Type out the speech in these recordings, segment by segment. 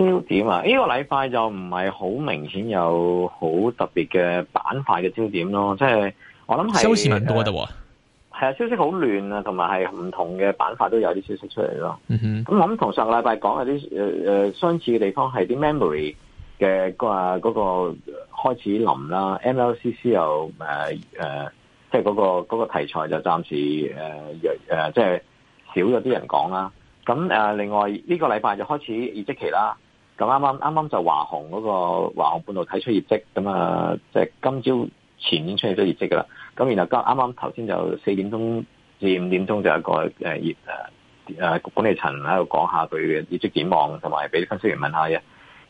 焦點啊！呢、這個禮拜就唔係好明顯有好特別嘅板塊嘅焦點咯，即係我諗係消息唔多得喎。係啊，消息好亂啊，呃、是亂是不同埋係唔同嘅板塊都有啲消息出嚟咯。咁我諗同上個禮拜講嗰啲誒誒相似嘅地方係啲 memory 嘅個嗰個開始冧啦，MLCC 又誒誒、呃呃，即係嗰、那個嗰、那個題材就暫時誒誒、呃呃，即係少咗啲人講啦。咁誒、呃，另外呢、這個禮拜就開始業績期啦。咁啱啱啱啱就華虹嗰、那個華虹半導體出業績，咁啊，即係、就是、今朝前已經出咗業績噶啦。咁然後今啱啱頭先就四點鐘至五點鐘就有個誒業誒管理層喺度講下佢嘅業績展望，同埋俾分析員問下嘅。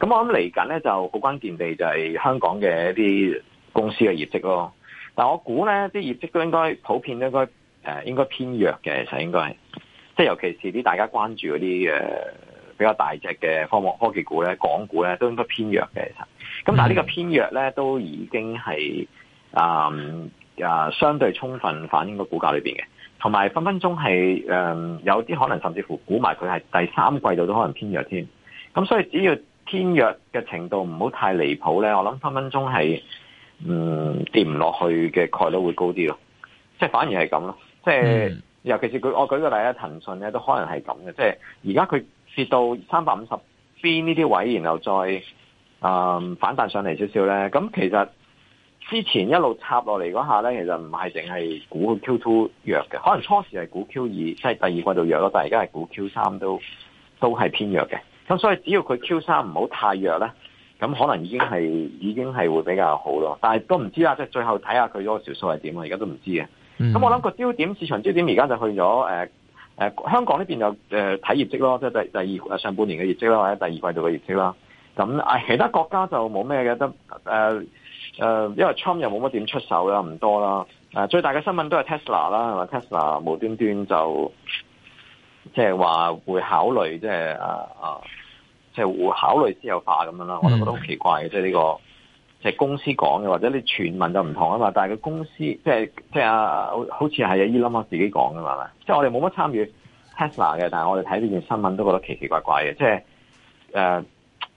咁我諗嚟緊咧就好關鍵地就係香港嘅一啲公司嘅業績咯。但我估咧啲業績都應該普遍都應該、呃、應該偏弱嘅，其實應該係即係尤其是啲大家關注嗰啲。比較大隻嘅科目科技股咧，港股咧都應該偏弱嘅，其實。咁但係呢個偏弱咧，都已經係、嗯、啊啊相對充分反映個股價裏邊嘅，同埋分分鐘係誒有啲可能甚至乎估埋佢係第三季度都可能偏弱添。咁所以只要偏弱嘅程度唔好太離譜咧，我諗分分鐘係嗯跌唔落去嘅概率會高啲咯。即係反而係咁咯，即係、嗯、尤其是佢，我舉個例啊，騰訊咧都可能係咁嘅，即係而家佢。跌到三百五十邊呢啲位，然後再啊、嗯、反彈上嚟少少咧。咁其實之前一路插落嚟嗰下咧，其實唔係淨係估 Q two 弱嘅，可能初時係估 Q 二即係第二季度弱咯，但係而家係估 Q 三都都係偏弱嘅。咁所以只要佢 Q 三唔好太弱咧，咁可能已經係已經係會比較好咯。但係都唔知啊，即係最後睇下佢嗰個條數係點啊，而家都唔知嘅。咁、嗯、我諗個焦點市場焦點而家就去咗誒。呃誒香港呢邊有誒睇業績咯，即係第第二上半年嘅業績啦，或者第二季度嘅業績啦。咁啊，其他國家就冇咩嘅，得誒誒，因為 Trump 又冇乜點出手啦，唔多啦。啊、呃，最大嘅新聞都係 Tesla 啦，係咪 Tesla 無端端就即係話會考慮，即係啊啊，即係會考慮私有化咁樣啦，我都覺得好奇怪嘅，即係呢個。就係公司講嘅，或者你傳聞就唔同啊嘛。但係個公司即係即係啊，好似係阿 Elon 自己講㗎嘛。即係我哋冇乜參與 Tesla 嘅，但係我哋睇呢段新聞都覺得奇奇怪怪嘅。即係誒，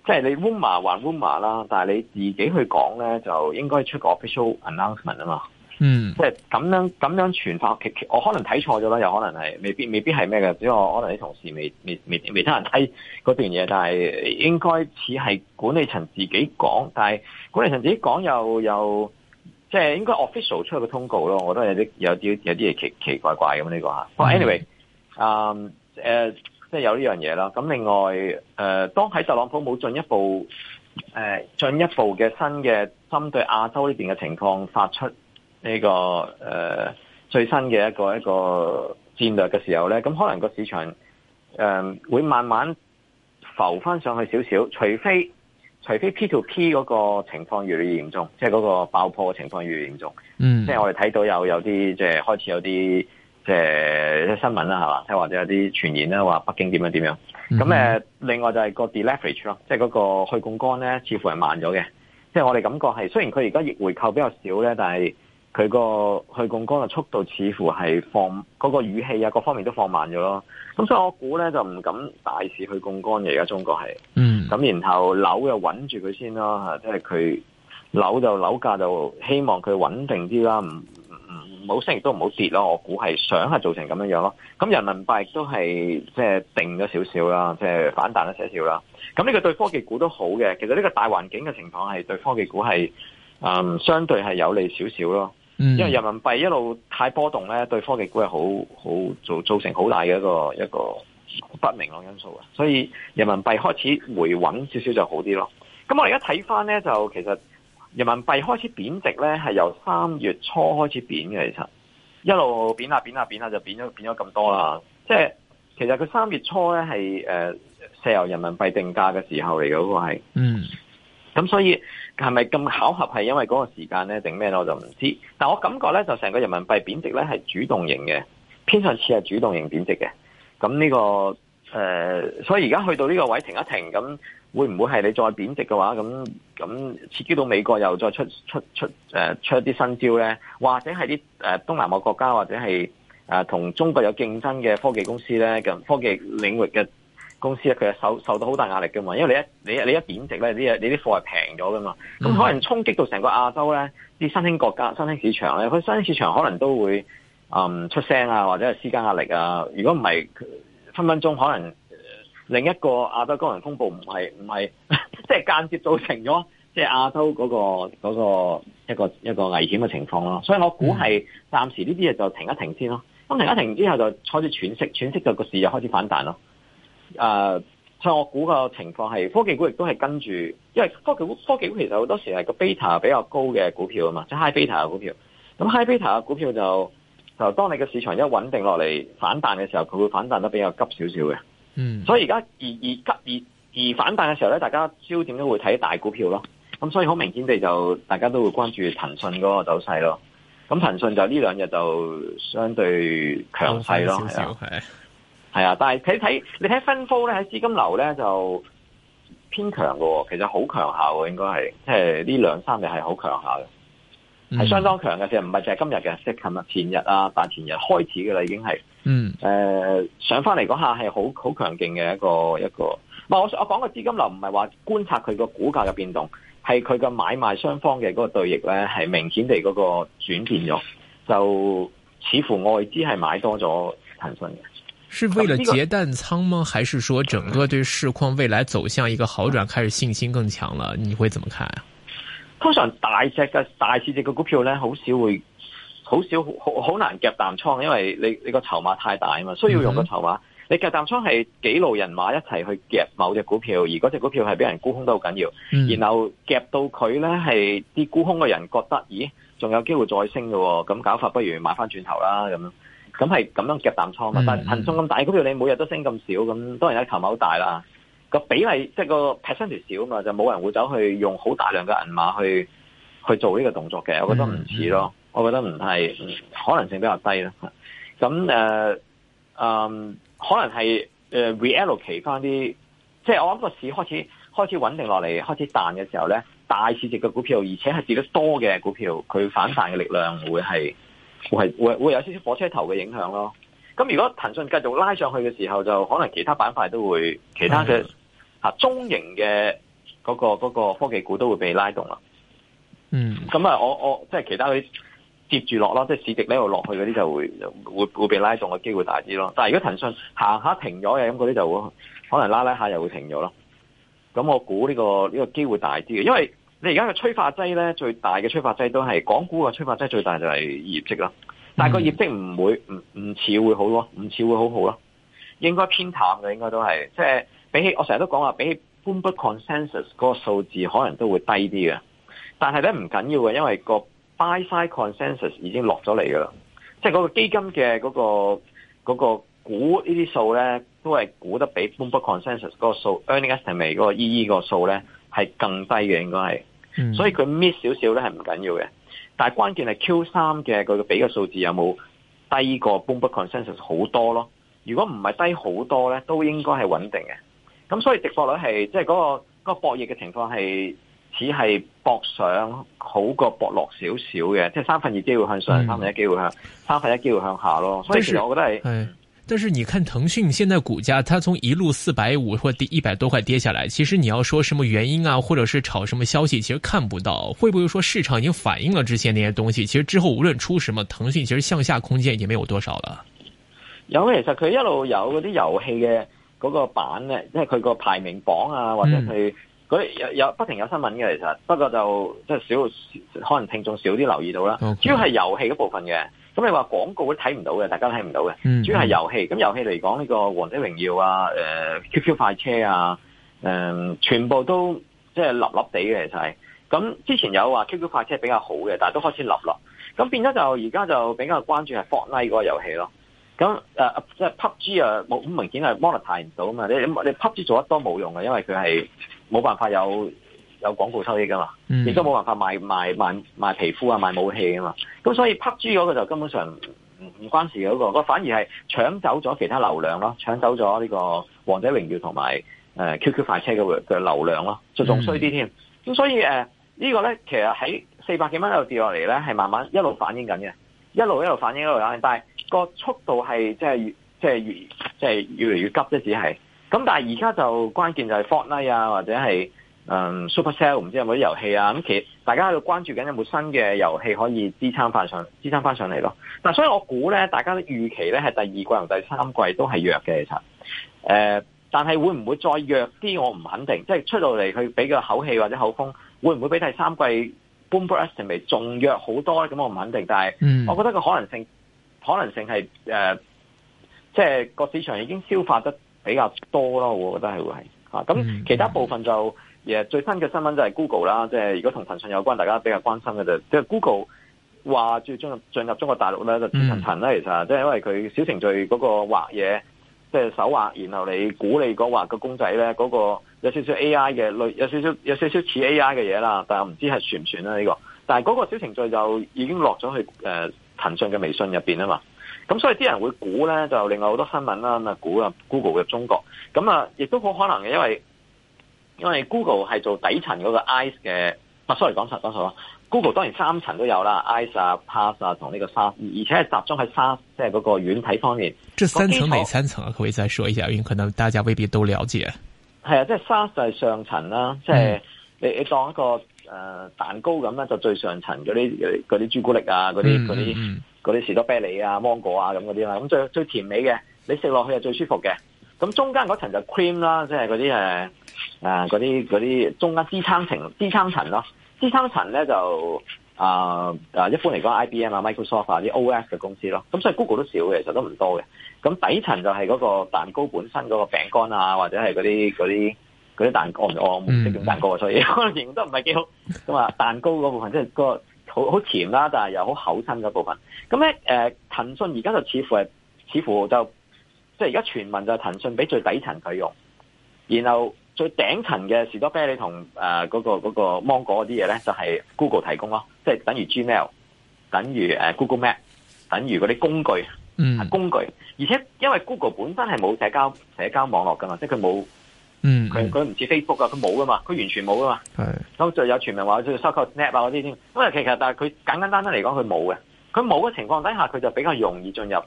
即係你 rumor 還 rumor 啦，但係你自己去講咧，就應該出個 official announcement 啊嘛。嗯，即係咁樣咁樣傳發。其其我可能睇錯咗啦，有可能係未必未必係咩嘅，只我可能啲同事未未未未睇人睇嗰段嘢，但係應該似係管理層自己講，但係管理層自己講又又即係應該 official 出去個通告咯，我覺得有啲有啲有啲嘢奇奇怪怪咁呢、這個吓。So、anyway，嗯，誒、嗯呃，即係有呢樣嘢啦。咁另外誒、呃，當喺特朗普冇進一步進、呃、一步嘅新嘅針對亞洲呢邊嘅情況發出。呢、這個誒、呃、最新嘅一個一個戰略嘅時候咧，咁可能個市場誒、呃、會慢慢浮翻上去少少，除非除非 P2P 嗰個情況越嚟越嚴重，即係嗰個爆破嘅情況越嚟越嚴重，嗯、mm.，即係我哋睇到有有啲即係開始有啲即係新聞啦，係嘛，即或者有啲傳言啦，話北京點樣點樣咁誒、mm-hmm. 呃。另外就係個 deleverage 咯，即係嗰個去槓桿咧，似乎係慢咗嘅，即係我哋感覺係雖然佢而家回購比較少咧，但係。佢個去槓桿嘅速度似乎係放嗰個語氣啊，各方面都放慢咗咯。咁所以我估咧就唔敢大肆去槓桿嘅而家中國係，嗯。咁然後樓又穩住佢先咯嚇，即係佢樓就樓價就希望佢穩定啲啦，唔唔唔好升亦都唔好跌咯。我估係想係做成咁樣囉。咯。咁人民幣亦都係即係定咗少少啦，即係反彈咗少少啦。咁呢個對科技股都好嘅。其實呢個大環境嘅情況係對科技股係、嗯、相對係有利少少咯。因為人民幣一路太波動咧，對科技股係好好做，造成好大嘅一個一個不明朗因素啊！所以人民幣開始回穩少少就好啲咯。咁我而家睇翻咧，就其實人民幣開始貶值咧，係由三月初開始貶嘅其實，一路貶下貶下貶下就貶咗貶咗咁多啦。即係其實佢三月初咧係誒石油人民幣定價嘅時候嚟嘅嗰個係，嗯，咁所以。係咪咁巧合係因為嗰個時間咧定咩咧，我就唔知，但我感覺咧就成個人民幣貶值咧係主動型嘅，偏向似係主動型貶值嘅。咁呢個誒、呃，所以而家去到呢個位停一停，咁會唔會係你再貶值嘅話，咁咁刺激到美國又再出出出誒出一啲新招咧，或者係啲誒東南亞國家或者係誒同中國有競爭嘅科技公司咧嘅科技領域嘅，公司咧，佢係受受到好大壓力嘅嘛，因為你一你你一貶值咧，啲你啲貨係平咗嘅嘛，咁可能衝擊到成個亞洲咧啲新興國家、新興市場咧，佢新興市場可能都會嗯出聲啊，或者係施加壓力啊。如果唔係分分鐘可能、呃、另一個亞洲金融風暴唔係唔係即係間接造成咗即係亞洲嗰、嗰個、嗰個嗰個嗰個、一個一個危險嘅情況咯。所以我估係暫時呢啲嘢就停一停先咯。咁停一停之後就開始喘息，喘息就個市就開始反彈咯。啊！所以我估個情況係科技股亦都係跟住，因為科技股科技股其實好多時係個 beta 比較高嘅股票啊嘛，即係 high beta 嘅股票。咁 high beta 嘅股票就就當你嘅市場一穩定落嚟反彈嘅時候，佢會反彈得比較急少少嘅。嗯。所以而家而而急而而反彈嘅時候咧，大家焦點都會睇大股票咯。咁所以好明顯地就大家都會關注騰訊嗰個走勢咯。咁騰訊就呢兩日就相對強勢少少係。係啊，但係你睇，你睇分煲咧，喺資金流咧就偏強喎、哦。其實好強效嘅，應該係即係呢兩三日係好強效嘅，係、嗯、相當強嘅。即係唔係淨係今日嘅，即係琴日前日啊，但前日開始嘅啦，已經係嗯誒、呃、上翻嚟嗰下係好好強勁嘅一個一個。唔係我我講嘅資金流唔係話觀察佢個股價嘅變動，係佢嘅買賣雙方嘅嗰個對弈咧，係明顯地嗰個轉變咗，就似乎外資係買多咗騰訊嘅。是為了夾淡倉嗎？還是說整個對市況未來走向一個好轉開始信心更強了？你會怎麼看啊？通常大隻嘅大市值嘅股票呢，好少會，好少好難夾淡倉，因為你你個籌碼太大啊嘛，需要用個籌碼、嗯，你夾淡倉係幾路人馬一齊去夾某隻股票，而嗰隻股票係俾人沽空都好緊要、嗯，然後夾到佢呢，係啲沽空嘅人覺得，咦，仲有機會再升嘅、哦，咁搞法不如買翻轉頭啦咁樣。咁係咁樣夾淡倉啊！但係份倉咁大，股票你每日都升咁少，咁當然有籌碼好大啦。個比例即係個 percentage 少啊嘛，就冇人會走去用好大量嘅銀碼去去做呢個動作嘅。我覺得唔似咯，我覺得唔係，可能性比較低啦，咁誒，可能係 reallocate 翻啲，即係我諗個市開始開始穩定落嚟，開始彈嘅時候咧，大市值嘅股票，而且係跌得多嘅股票，佢反彈嘅力量會係。會會會有少少火車頭嘅影響咯。咁如果騰訊繼續拉上去嘅時候，就可能其他板塊都會，其他嘅吓中型嘅嗰個嗰個科技股都會被拉動啦。嗯。咁啊，我我即係其他嗰啲接住落咯，即係市值呢度落去嗰啲就會會會被拉動嘅機會大啲咯。但係如果騰訊行下停咗嘅咁嗰啲，就會可能拉拉下又會停咗咯。咁我估呢個呢個機會大啲嘅，因為。你而家嘅催化劑咧，最大嘅催化劑都係港股嘅催化劑，最大就係業績啦。但係個業績唔會唔唔似會好咯，唔似會好好咯，應該偏淡嘅應該都係。即係比起我成日都講話比起 Bloomberg consensus 嗰個數字，可能都會低啲嘅。但係咧唔緊要嘅，因為個 Buy Side consensus 已經落咗嚟嘅啦。即係嗰個基金嘅嗰個嗰個估呢啲數咧，都係估得比 Bloomberg consensus 嗰個數 Earning Estimate 嗰個 EE 個數咧係更低嘅，應該係。嗯、所以佢搣少少咧係唔緊要嘅，但係關鍵係 Q 三嘅佢嘅俾嘅數字有冇低過 Bloomberg Consensus 好多咯？如果唔係低好多咧，都應該係穩定嘅。咁所以跌幅率係即係嗰個博弈嘅情況係似係搏上好過搏落少少嘅，即、就、係、是、三分二機會向上，嗯、三分一機會向三分一機會向下咯。所以其實我覺得係。是是但是你看騰訊現在股價，它從一路四百五或低一百多塊跌下來，其實你要說什麼原因啊，或者是炒什麼消息，其實看不到。會不會說市場已經反映了之前那些東西？其實之後無論出什麼，騰訊其實向下空間已經沒有多少了。有其實佢一路有嗰啲遊戲嘅嗰個版咧，即係佢個排名榜啊，或者佢佢，嗯、有有不停有新聞嘅，其實不過就即係少，可能聽眾少啲留意到啦。Okay. 主要係遊戲嗰部分嘅。咁你話廣告都睇唔到嘅，大家睇唔到嘅、嗯嗯，主要係遊戲。咁遊戲嚟講呢個《王者榮耀》啊，誒、呃《QQ 快車》啊，誒、呃、全部都即係立立地嘅其實係。咁之前有話《QQ 快車》比較好嘅，但係都開始立落。咁變咗就而家就比較關注係 Fortnite 嗰個遊戲咯。咁誒即、呃、係、就是、PUBG 啊，冇咁明顯係 Monetize 唔到啊嘛。你你 PUBG 做得多冇用嘅，因為佢係冇辦法有。有廣告收益噶嘛？亦都冇辦法賣，賣，賣，賣，賣皮膚啊，賣武器啊嘛。咁所以 PUBG 嗰個就根本上唔唔關事嗰、那個，那個、反而係搶走咗其他流量咯，搶走咗呢個《王者榮耀》同埋誒 QQ 快車嘅嘅流量咯，就仲衰啲添。咁、嗯、所以誒、呃這個、呢個咧，其實喺四百幾蚊一路跌落嚟咧，係慢慢一路反映緊嘅，一路一路反映一路反映，一路反映，但係個速度係即係越即係、就是、越即係、就是、越嚟、就是、越，越急啫，只係咁。但係而家就關鍵就係 Fortnite 啊，或者係。嗯，SuperCell 唔知有冇啲遊戲啊？咁其實大家喺度關注緊有冇新嘅遊戲可以支撐翻上支撐翻上嚟咯。嗱，所以我估咧，大家嘅預期咧係第二季同第三季都係弱嘅，其實。誒、呃，但係會唔會再弱啲？我唔肯定。即係出到嚟，佢俾個口氣或者口風，會唔會比第三季 Bloomberg Estimate 仲弱好多咧？咁我唔肯定。但係，嗯，我覺得個可能性可能性係誒，即係個市場已經消化得比較多咯。我覺得係會係嚇。咁其他部分就。嗯嗯 Yeah, 最新嘅新聞就係 Google 啦，即係如果同騰訊有關，大家比較關心嘅就即係 Google 話要進入進入中國大陸咧，就層層啦。其實即係因為佢小程序嗰個畫嘢，即係手畫，然後你估你個畫個公仔咧，嗰個有少少 AI 嘅類，有少少有少少似 AI 嘅嘢啦。但係唔知係算唔算啦呢個。但係嗰個小程序就已經落咗去誒騰訊嘅微信入邊啊嘛。咁所以啲人會估咧，就另外好多新聞啦，咪估啊 Google 入中國。咁啊，亦都好可能嘅，因為。因為 Google 係做底層嗰個 Ice 嘅，sorry 講實多少啦。Google 當然三層都有啦，Ice 啊、PaaS 啊同呢個沙，而且係集中喺沙，即係嗰個軟體方面。這三層哪三層啊？可以再說一下，因為可能大家未必都了解了。係、嗯、啊，即係沙就係、是、上層啦，即、就、係、是、你你當一個誒蛋糕咁啦，就最上層嗰啲嗰啲朱古力啊，嗰啲嗰啲嗰啲士多啤梨啊、芒果啊咁嗰啲啦，咁最最甜美嘅，你食落去係最舒服嘅。咁中間嗰層就 Cream 啦，即係嗰啲誒。啊！嗰啲嗰啲中間支撐層、支撐層咯，支撐層咧就啊一般嚟講，I B M 啊、IBM, Microsoft 啊啲 O S 嘅公司咯。咁、嗯、所以 Google 都少嘅，其實都唔多嘅。咁、嗯、底層就係嗰個蛋糕本身嗰個餅乾啊，或者係嗰啲嗰啲嗰啲蛋糕，我唔識叫蛋糕啊。所以可能形容都唔係幾好。咁啊，蛋糕嗰部分即係、個好好甜啦、啊，但係又好厚身嗰部分。咁咧、呃、騰訊而家就似乎係似乎就即係而家傳聞就騰訊俾最底層佢用，然後。最頂層嘅士多啤梨同誒嗰個嗰、嗰個芒果嗰啲嘢咧，就係、是、Google 提供咯，即係等於 Gmail，等於、呃、Google Map，等於嗰啲工具，嗯，工具。而且因為 Google 本身係冇社交社交網絡噶嘛，即係佢冇，嗯，佢佢唔似 Facebook 啊，佢冇噶嘛，佢完全冇噶嘛。係，咁就有傳聞話佢收購 Snap 啊嗰啲添。因為其實但係佢簡簡單單嚟講，佢冇嘅，佢冇嘅情況底下，佢就比較容易進入。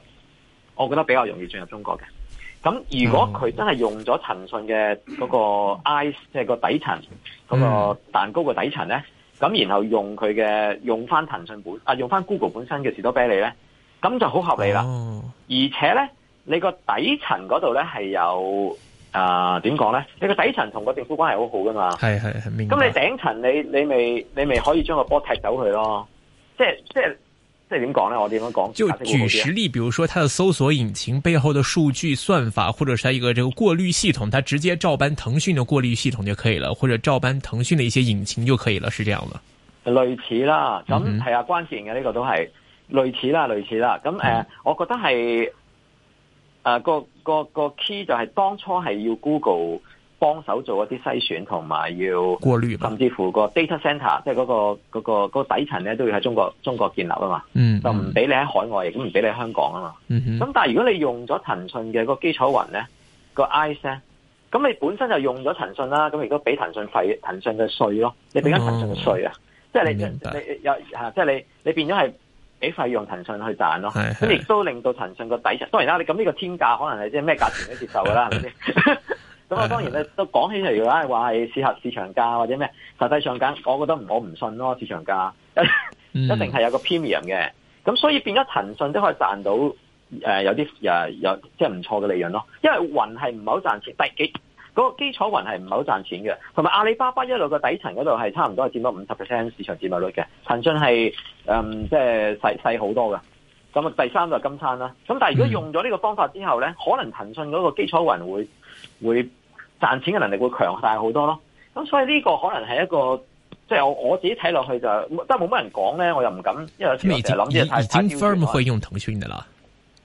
我覺得比較容易進入中國嘅。咁如果佢真係用咗騰訊嘅嗰個 Ice，即係個底層嗰個蛋糕嘅底層咧，咁、嗯、然後用佢嘅用翻騰訊本啊，用翻 Google 本身嘅士多啤梨咧，咁就好合理啦、哦。而且咧，你個底層嗰度咧係有啊點講咧？你個底層同個政府關係好好噶嘛？係係係。咁你頂層你你咪你咪可以將個波踢走佢咯，即係即係。即係點講咧？我點樣講？就舉實例，比如說它的搜索引擎背後的數據算法，或者是係一個這個過濾系統，它直接照搬騰訊的過濾系統就可以了，或者照搬騰訊的一些引擎就可以了，是這樣嗎？類似啦，咁、嗯、係啊，關鍵嘅呢、這個都係類似啦，類似啦。咁誒、呃嗯，我覺得係誒、呃、個個個 key 就係當初係要 Google。幫手做一啲篩選同埋要過濾，甚至乎個 data center，即係嗰、嗰個、嗰個嗰個底層咧都要喺中國中國建立啊嘛。嗯，就唔俾你喺海外，亦都唔俾你喺香港啊嘛。咁、嗯、但係如果你用咗騰訊嘅個基礎雲咧，個 I C，咁你本身就用咗騰訊啦，咁亦都俾騰訊費，騰訊嘅稅咯。你俾咗騰訊嘅稅啊？即係你你有吓？即係你你變咗係俾費用騰訊去賺咯。咁亦都令到騰訊個底層。當然啦，你咁呢個天價，可能係即係咩價錢都接受噶啦，係咪先？ 咁啊，當然咧，都講起嚟嘅話係適合市場價或者咩？實際上緊，我覺得我唔信咯，市場價、嗯、 一定係有個 premium 嘅。咁所以變咗騰訊都可以賺到誒、呃，有啲誒有即係唔錯嘅利潤咯。因為雲係唔係好賺錢，但係嗰個基礎雲係唔係好賺錢嘅。同埋阿里巴巴一路個底層嗰度係差唔多係佔到五十 percent 市場佔有率嘅，騰訊係誒即係細細好多嘅。咁啊，第三就係金山啦。咁但係如果用咗呢個方法之後咧、嗯，可能騰訊嗰個基礎雲會。會賺錢嘅能力會強大好多咯，咁所以呢個可能係一個即係我我自己睇落去就都係冇乜人講咧，我又唔敢，因為成日諗啲太誇張嘅。已經分會用騰訊噶啦，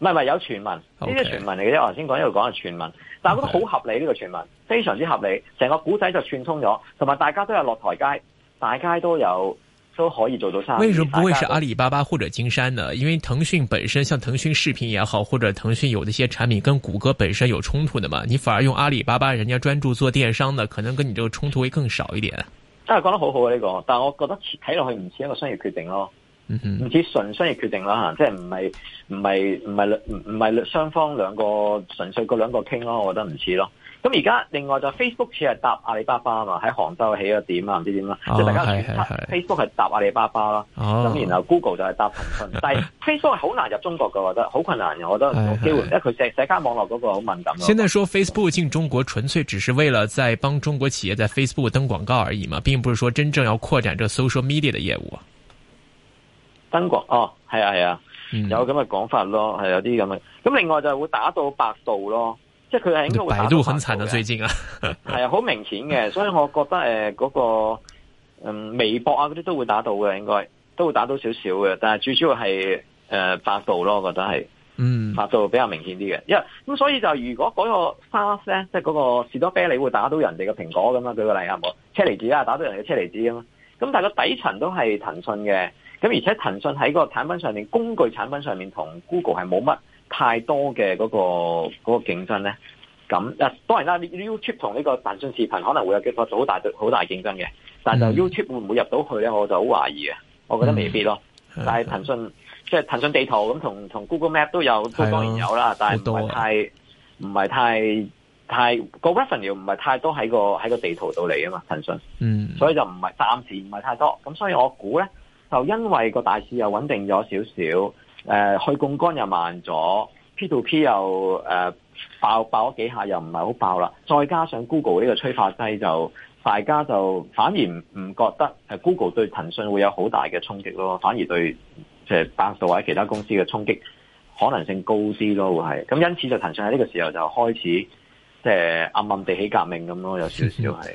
唔係唔係有傳聞，呢、okay. 啲傳聞嚟嘅啫。我頭先講呢度講嘅傳聞，但我覺得好合理呢、okay. 個傳聞，非常之合理，成個古仔就串通咗，同埋大家都有落台階，大家都有。都可以做到。生意為什麼不會是阿里巴巴或者金山呢？因為騰訊本身，像騰訊視頻也好，或者騰訊有的一些產品，跟谷歌本身有衝突的嘛。你反而用阿里巴巴，人家專注做電商的，可能跟你這個衝突會更少一點。真係講得好好啊呢個，但係我覺得睇落去唔似一個商業決定咯，唔似純商業決定咯吓，即係唔係唔係唔係唔係雙方兩個純粹嗰兩個傾咯，我覺得唔似咯。咁而家另外就是 Facebook 似係搭阿里巴巴啊嘛，喺杭州起咗點啊，唔知點啦、啊，即、哦、係大家主推 Facebook 係搭阿里巴巴啦。咁、哦、然後 Google 就係搭騰訊、哦。但係 Facebook 係好難入中國㗎。我覺得好困難嘅，我覺得冇機會，哎、因為佢社社交網絡嗰個好敏感。現在說 Facebook 進中國純粹只是為了在幫中國企業在 Facebook 登廣告而已嘛，並不是說真正要擴展這 social media 的業務。登、嗯、廣哦，係係啊，啊，有咁嘅講法咯，係有啲咁嘅。咁另外就會打到百度咯。即係佢係應該會打到嘅。係啊，最近 是，好明顯嘅，所以我覺得誒嗰、呃那個嗯微博啊嗰啲都會打到嘅，應該都會打到少少嘅。但係最主要係誒、呃、百度咯，覺得係嗯百度比較明顯啲嘅。因為咁所以就如果嗰個 Search 咧，即、就、係、是、個士多啤梨會打到人哋嘅蘋果咁啊，舉、那個例係冇車釐子啊，打到人嘅車釐子咁啊。咁但係個底層都係騰訊嘅，咁而且騰訊喺個產品上面、工具產品上面同 Google 係冇乜。太多嘅嗰、嗰個嗰、嗰個競爭咧，咁啊當然啦，YouTube 同呢個騰訊視頻可能會有幾個好大好大競爭嘅，但係 YouTube 會唔會入到去咧？我就好懷疑嘅，我覺得未必咯。嗯、但係騰訊即係騰訊地圖咁，同同 Google Map 都有，都當然有啦。但係唔係太唔係、啊、太太個 revenue 唔係太多喺個喺個地圖度嚟啊嘛。騰訊嗯，所以就唔係暫時唔係太多。咁所以我估咧，就因為個大市又穩定咗少少。誒去槓杆又慢咗，P to P 又誒爆爆咗幾下又唔係好爆啦，再加上 Google 呢個催化劑就大家就反而唔覺得誒，Google 對騰訊會有好大嘅衝擊咯，反而對即係百度或者其他公司嘅衝擊可能性高啲咯，會係咁，因此就騰訊喺呢個時候就開始即係暗暗地起革命咁咯，有少少係。